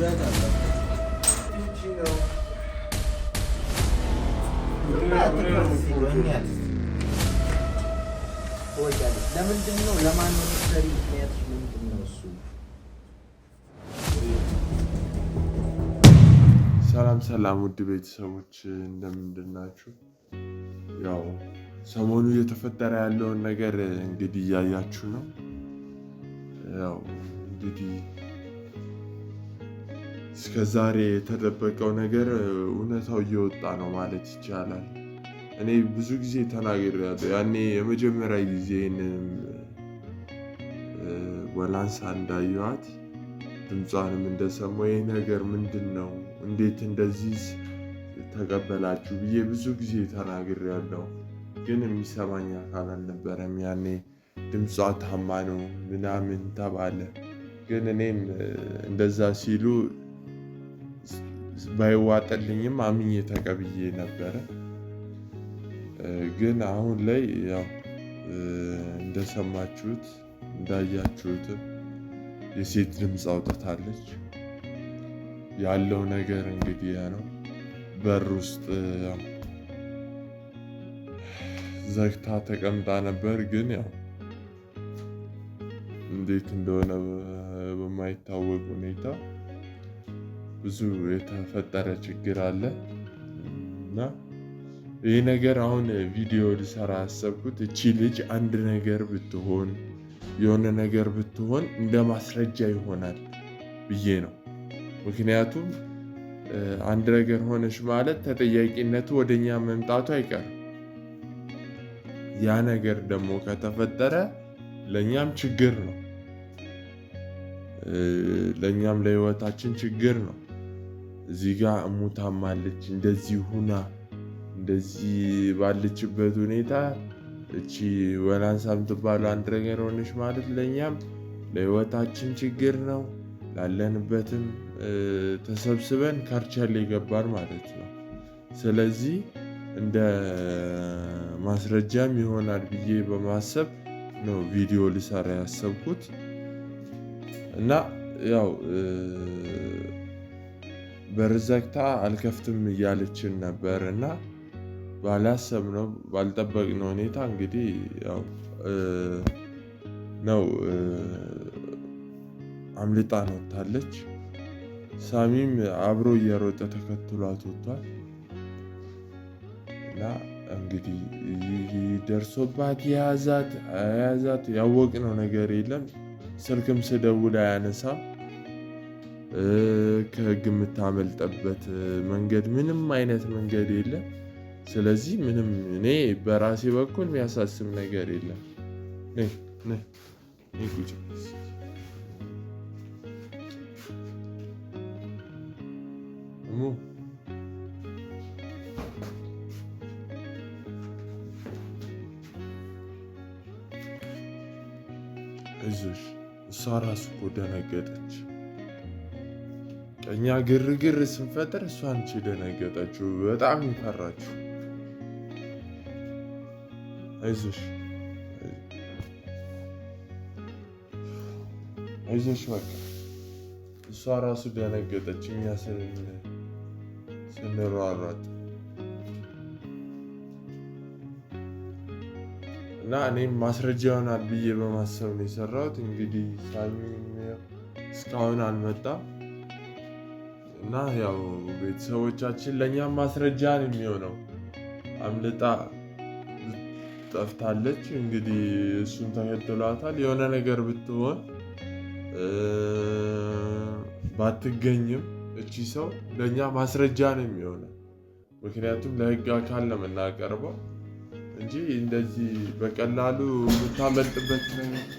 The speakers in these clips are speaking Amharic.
ብዛት ለምንድን ነው ለማን ነው ምክንያት ምንድን ነው እሱ? ሰላም ሰላም፣ ውድ ቤተሰቦች እንደምንድን ናችሁ? ያው ሰሞኑ እየተፈጠረ ያለውን ነገር እንግዲህ እያያችሁ ነው። ያው እንግዲህ እስከ ዛሬ የተደበቀው ነገር እውነታው እየወጣ ነው ማለት ይቻላል። እኔ ብዙ ጊዜ ተናግሬያለሁ። ያኔ የመጀመሪያ ጊዜ ወላንሳ እንዳየዋት ድምጿንም እንደሰማው ይህ ነገር ምንድን ነው? እንዴት እንደዚህ ተቀበላችሁ ብዬ ብዙ ጊዜ ተናግሬያለሁ። ግን የሚሰማኝ አካል አልነበረም። ያኔ ድምጿ ታማ ነው ምናምን ተባለ። ግን እኔም እንደዛ ሲሉ ባይዋጠልኝም አምኜ ተቀብዬ ነበረ። ግን አሁን ላይ ያው እንደሰማችሁት እንዳያችሁትም የሴት ድምፅ አውጥታለች። ያለው ነገር እንግዲህ ያ ነው። በር ውስጥ ዘግታ ተቀምጣ ነበር። ግን ያው እንዴት እንደሆነ በማይታወቅ ሁኔታ ብዙ የተፈጠረ ችግር አለ እና ይህ ነገር አሁን ቪዲዮ ልሰራ ያሰብኩት እቺ ልጅ አንድ ነገር ብትሆን የሆነ ነገር ብትሆን እንደ ማስረጃ ይሆናል ብዬ ነው። ምክንያቱም አንድ ነገር ሆነች ማለት ተጠያቂነቱ ወደኛ መምጣቱ አይቀርም። ያ ነገር ደግሞ ከተፈጠረ ለእኛም ችግር ነው፣ ለእኛም ለህይወታችን ችግር ነው። እዚህ ጋር እሙታማለች እንደዚህ ሁና እንደዚህ ባለችበት ሁኔታ እቺ ወላንሳ የምትባለው አንድ ነገር ሆነች ማለት ለእኛም ለህይወታችን ችግር ነው። ላለንበትም ተሰብስበን ከርቸሌ ይገባል ማለት ነው። ስለዚህ እንደ ማስረጃም ይሆናል ብዬ በማሰብ ነው ቪዲዮ ልሰራ ያሰብኩት እና ያው በርዘግታ አልከፍትም እያለችን ነበር እና ባላሰብነው ባልጠበቅነው ሁኔታ እንግዲህ ያው ነው አምልጣ ነታለች። ሳሚም አብሮ እየሮጠ ተከትሏት ወጥቷል እና እንግዲህ ደርሶባት የያዛት ያወቅነው ነገር የለም። ስልክም ስደውል አያነሳም። ከህግ የምታመልጠበት መንገድ ምንም አይነት መንገድ የለም። ስለዚህ ምንም እኔ በራሴ በኩል የሚያሳስብ ነገር የለም። እሷ ራሱ እኮ ደነገጠች። እኛ ግርግር ስንፈጥር እሷ አንቺ ደነገጠችው፣ በጣም ይፈራችሁ። አይዞሽ አይዞሽ፣ በቃ እሷ ራሱ ደነገጠች እኛ ስንሯሯጥ እና እኔም ማስረጃ ይሆናል ብዬ በማሰብ ነው የሰራሁት። እንግዲህ ሳሚ እስካሁን አልመጣም። እና ያው ቤተሰቦቻችን ለእኛም ማስረጃ ነው የሚሆነው። አምልጣ ጠፍታለች። እንግዲህ እሱን ተከትሏታል። የሆነ ነገር ብትሆን ባትገኝም እቺ ሰው ለእኛ ማስረጃ ነው የሚሆነው። ምክንያቱም ለህግ አካል ነው የምናቀርበው እንጂ እንደዚህ በቀላሉ የምታመልጥበት ነገር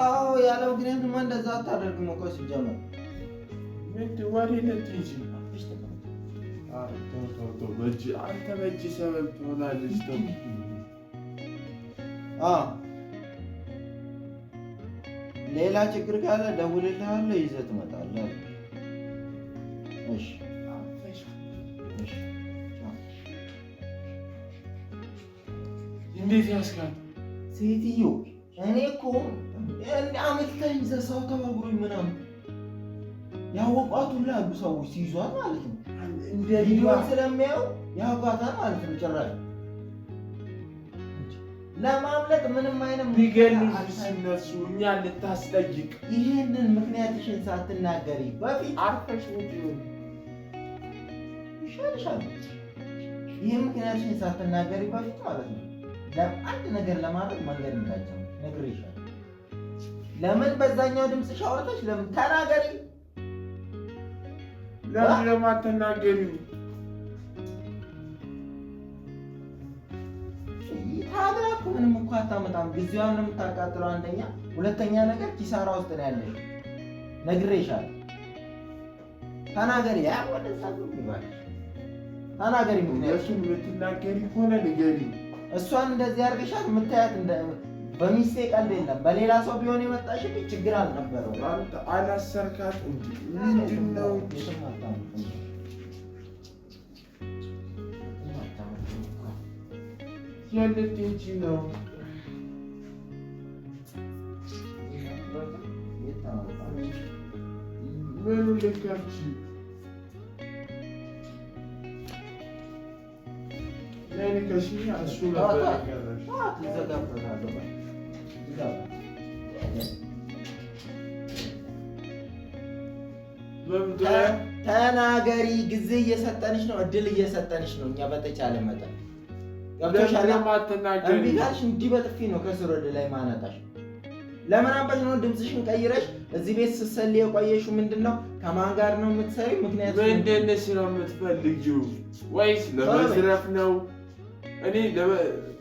አዎ ያለ ምክንያት ማ እንደዛ አታደርግም እኮ ሲጀመር ሌላ ችግር ካለ ደውልልሃለሁ፣ ይዘህ ትመጣለህ። እሺ እንዴት ያስካል ሴትዮ እኔ እኮ አመትታይ ዘሳው ተመጉሩኝ ምናምን ያወቋት ሁላ ያሉ ሰዎች ሲይዟት ማለት ነው እንደ ስለሚያዩ ማለት ነው። ጭራሽ ለማምለጥ ምንም አይነት ቢገልሽ እኛ ልታስጠይቅ ይህንን ምክንያትሽን ሳትናገሪ በፊት አርፈሽ ይሻልሻል። ይህ ምክንያትሽን ሳትናገሪ በፊት ማለት ነው አንድ ነገር ለማድረግ መንገድ እንዳቸው ነግሬሻለሁ። ለምን በዛኛው ድምፅሽ አውርተሽ ለምን ተናገሪ? ለምን ለማትናገሪ? ታዲያ እኮ ምንም እኮ አታመጣም። ጊዜዋን ነው የምታቃጥለው። አንደኛ፣ ሁለተኛ ነገር ኪሳራ ውስጥ ነው ያለሽ። ነግሬሻለሁ። ተናገሪ። ያ ወደዛ ይባልሽ ተናገሪ። ምክንያቱም የምትናገሪ ከሆነ ንገሪ። እሷን እንደዚህ አድርገሻት የምታያት በሚስቴ ቀልድ የለም። በሌላ ሰው ቢሆን የመጣሽብኝ ችግር አልነበረው። አላሰርካት እንጂ ምንድን ነው? ያለት እንጂ ነው ምኑ ልካች ለኒከሽ እሱ ነበር ተናገሪ። ጊዜ እየሰጠንሽ ነው፣ እድል እየሰጠንሽ ነው። እኛ በተቻለ መጠን ገብቶሻል። እምቢ ካልሽ እንዲህ በጥፊ ነው ከስር ወደ ላይ ማነጣሽ። ለምን ነው ድምፅሽን ቀይረሽ እዚህ ቤት ስትሰል የቆየሽው? ምንድን ነው ከማን ጋር ነው የምትሰሪ? ምክንያቱም ምንድን ነው የምትፈልጊው? ወይስ ለመዝረፍ ነው? እኔ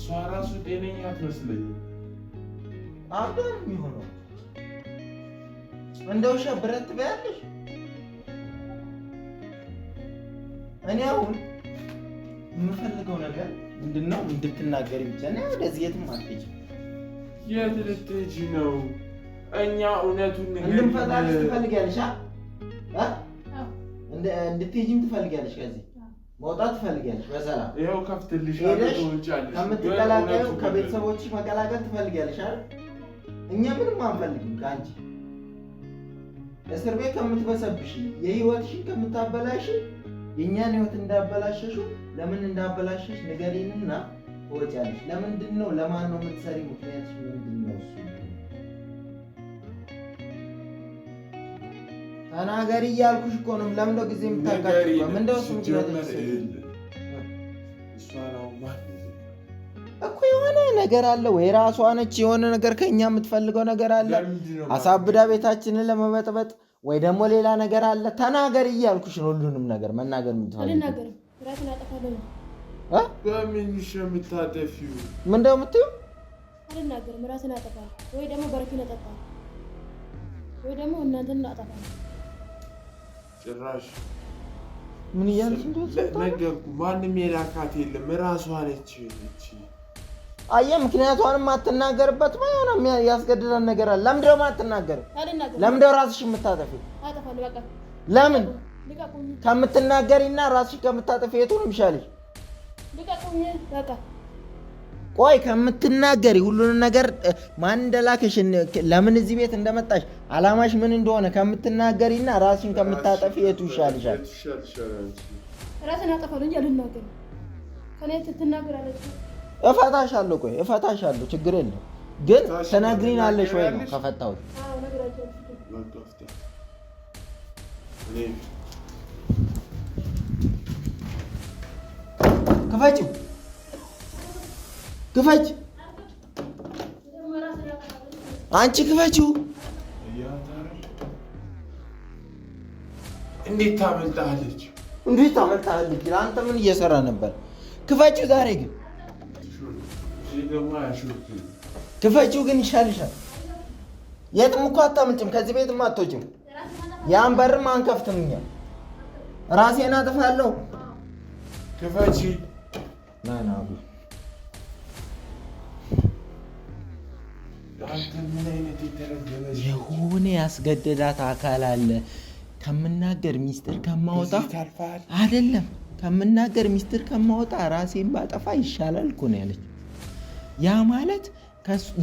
እሷ ራሱ ጤነኛ አትመስለኝም። አብዶ ነው የሚሆነው። እንደ ውሻ ብረት ትበያለሽ። እኔ አሁን የምፈልገው ነገር ምንድን ነው? እንድትናገሪ ብቻ ና። ወደዚህ የትም አትሄጂም። የት ልትሄጂ ነው? እኛ እውነቱን እንድንፈታልሽ ትፈልጊያለሽ? እንድትሄጂም ትፈልጊያለሽ ከዚህ መውጣት ትፈልጊያለሽ። በሰላም ይኸው ከፍትልሽ ከምትቀላቀዩ ከቤተሰቦች መቀላቀል ትፈልጊያለሽ አይደል? እኛ ምንም አንፈልግም ከአንቺ እስር ቤት ከምትበሰብሽ፣ የህይወትሽን ከምታበላሽ፣ የእኛን ህይወት እንዳበላሸሹ ለምን እንዳበላሸሽ ንገሪንና ትወጫለሽ። ለምንድን ነው ለማን ነው የምትሰሪ? ምክንያት ምንድን ነው እሱ? ተናገሪ እያልኩሽ እኮ ነው። ለምንድነው ጊዜ የምታጋጭው? ምንድነው እሱ ምክንያት እኮ የሆነ ነገር አለ ወይ? ራሷ ነች የሆነ ነገር ከኛ የምትፈልገው ነገር አለ። አሳብዳ ቤታችንን ለመበጥበጥ ወይ ደግሞ ሌላ ነገር አለ። ተናገሪ እያልኩሽ ነው። ሁሉንም ነገር መናገር የምትፈልገው በምን የምታደፊው ምንድነው የምትይው? አልናገርም። ራስን አጠፋ ወይ ደግሞ በረኪና ጠጣ ወይ ደግሞ እናንተን አጠፋ ጭራሽ ምን እያለች ነገርኩ። ማንም የላካት የለም እራሷ ነች። አየህ፣ ምክንያቷንም አትናገርበት። የሆነ ያስገድዳን ነገር አለ። ለምንድን ነው የማትናገር? ለምንድን ነው ራስሽ የምታጠፊው? ለምን ከምትናገሪና ራስሽ ከምታጠፊ የቱን ይሻልሽ? ቆይ ከምትናገሪ ሁሉንም ነገር ማን እንደላከሽን ለምን እዚህ ቤት እንደመጣሽ አላማሽ ምን እንደሆነ ከምትናገሪና ራስሽን ከምታጠፊ የቱ ይሻልሻል? ራስን አጠፋለሁ እንጂ አልናገርም። ከኔ ትናገራለች። እፈታሻለሁ። ቆይ እፈታሻለሁ፣ ችግር የለም። ግን አለሽ ወይ ነው? ከፈታሁት ክፈጪው ክፈች፣ አንቺ ክፈችው። እንዴት ታመልጣለች? እንዴት ታመልጣለች? አንተ ምን እየሰራ ነበር? ክፈችው። ዛሬ ግን ክፈችው፣ ግን ይሻልሻል። የትም እኮ አታመልጭም። ከዚህ ቤትም አትወጭም። ያን በርም አንከፍትም። እኛ ራሴን አጥፋለሁ። ክፈች ክፈቺ የሆነ ያስገደዳት አካል አለ። ከምናገር ሚስጥር ከማወጣ አይደለም ከምናገር ሚስጥር ከማወጣ ራሴን ባጠፋ ይሻላል እኮ ነው ያለች። ያ ማለት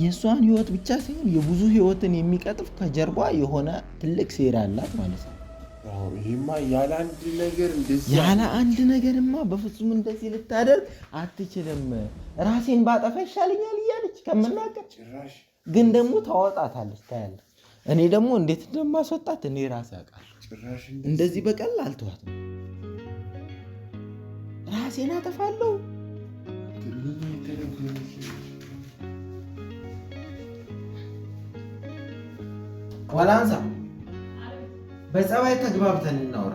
የእሷን ህይወት ብቻ ሳይሆን የብዙ ህይወትን የሚቀጥፍ ከጀርባ የሆነ ትልቅ ሴራ አላት ማለት ነው። ያለ አንድ ነገርማ በፍጹም እንደዚህ ልታደርግ አትችልም። ራሴን ባጠፋ ይሻለኛል እያለች ከምናገር ግን ደግሞ ታወጣታለች፣ ታያለ። እኔ ደግሞ እንዴት እንደማስወጣት እኔ ራሴ አውቃለሁ። እንደዚህ በቀላል አልተዋትም። ራሴን አጠፋለሁ። ወላንሳ በፀባይ ተግባብተን እናውራ።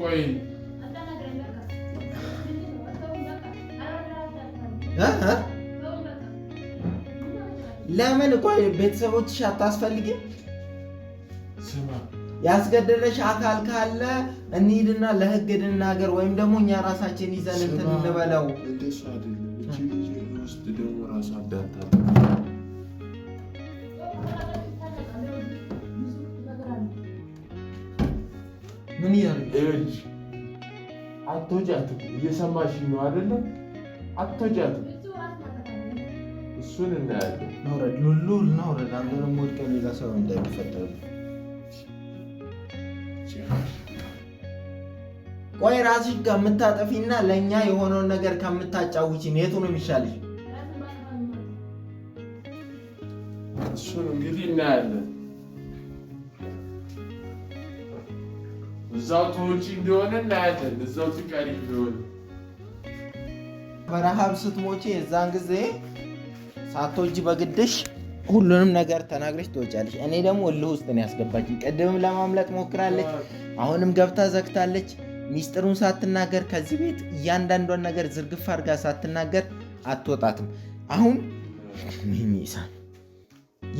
ቆይ ለምን ቆይ ቤተሰቦችሽ አታስፈልጊም? ያስገደለሽ አካል ካለ እንሂድና ለህግ እንናገር፣ ወይም ደግሞ እኛ ራሳችን ይዘን እንትን እንበለው። ምን እየሰማሽ ነው አይደለም? አትወጃት እሱን እናያለን። መውረድ ሉሉ እናውረድ። አንተ ደግሞ ወድቀህ ሌላ ሰው እንዳይፈጠር። ቆይ ራስሽ ከምታጠፊና ለእኛ የሆነውን ነገር ከምታጫውቺን የቱ ነው የሚሻልሽ? እሱን እንግዲህ እናያለን። እዛው ትውጪ እንደሆነ እናያለን። እዛው ትቀሪ እንደሆነ በረሃብ ስትሞቼ የዛን ጊዜ ሳትወጂ በግድሽ ሁሉንም ነገር ተናግረሽ ትወጫለሽ። እኔ ደግሞ እልህ ውስጥ ነው ያስገባችኝ። ቅድምም ለማምለጥ ሞክራለች፣ አሁንም ገብታ ዘግታለች። ሚስጥሩን ሳትናገር ከዚህ ቤት እያንዳንዷን ነገር ዝርግፍ አድርጋ ሳትናገር አትወጣትም። አሁን ሚሚሳ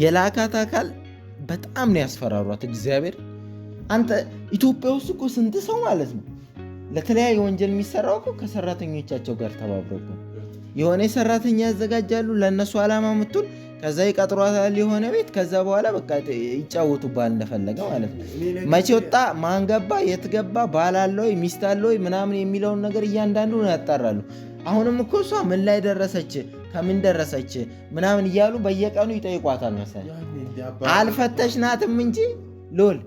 የላካት አካል በጣም ነው ያስፈራሯት። እግዚአብሔር አንተ ኢትዮጵያ ውስጥ እኮ ስንት ሰው ማለት ነው ለተለያየ ወንጀል የሚሰራው ከሰራተኞቻቸው ጋር ተባብረው የሆነ ሰራተኛ ያዘጋጃሉ ለእነሱ ዓላማ ምትል ከዛ ይቀጥሯታል የሆነ ቤት። ከዛ በኋላ በቃ ይጫወቱባል እንደፈለገ ማለት ነው። መቼ ወጣ፣ ማን ገባ፣ የት ገባ፣ ባል ሚስት አለ ምናምን የሚለውን ነገር እያንዳንዱ ያጣራሉ። አሁንም እኮ እሷ ምን ላይ ደረሰች፣ ከምን ደረሰች ምናምን እያሉ በየቀኑ ይጠይቋታል መሰለኝ። አልፈተሽናትም እንጂ ሎል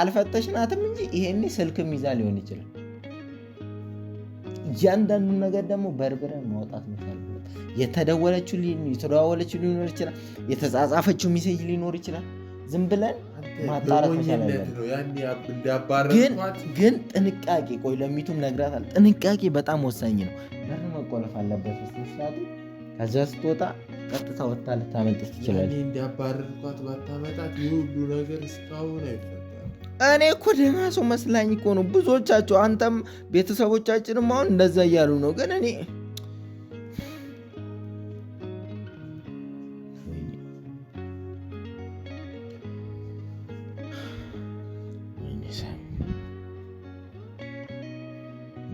አልፈተሽናትም እንጂ ይሄኔ ስልክም ይዛ ሊሆን ይችላል እያንዳንዱ ነገር ደግሞ በርብረን ማውጣት መቻል የተደወለችው የተደዋወለችው ሊኖር ይችላል። የተጻጻፈችው ሜሴጅ ሊኖር ይችላል። ዝም ብለን ማጣራት ግን ጥንቃቄ ቆይ ለሚቱም ነግራታል። ጥንቃቄ በጣም ወሳኝ ነው። በር መቆለፍ አለበት። ስሳቱ ከዚያ ስትወጣ ቀጥታ ወታ ልታመልጥ ትችላለች። እንዲያባረርኳት ባታመጣት የሁሉ ነገር እስካሁን አይፈ እኔ እኮ ደህና ሰው መስላኝ እኮ ነው። ብዙዎቻቸው አንተም ቤተሰቦቻችንም አሁን እንደዛ እያሉ ነው። ግን እኔ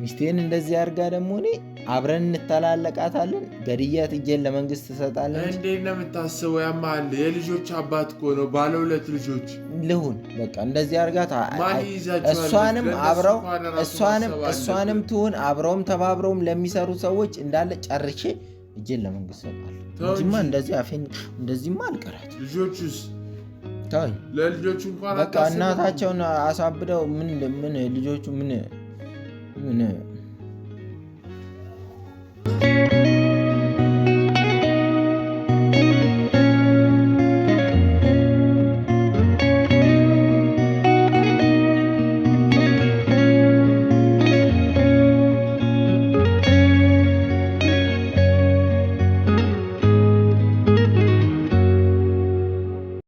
ሚስቴን እንደዚህ አድርጋ ደግሞ እኔ አብረን እንተላለቃታለን። ገድያት እጄን ለመንግስት ትሰጣለን። እንዴት ነው የምታስበው? ያማል የልጆች አባት እኮ ነው፣ ባለ ሁለት ልጆች ልሁን በቃ እንደዚህ አድርጋት። እሷንም አብረው እሷንም እሷንም ትሁን አብረውም ተባብረውም ለሚሰሩ ሰዎች እንዳለ ጨርሼ እጄን ለመንግስት ሰጣለሁ። እዚህማ እንደዚህ አፌን እንደዚህማ አልቀራት። በቃ እናታቸውን አሳብደው ምን ምን ልጆቹ ምን ምን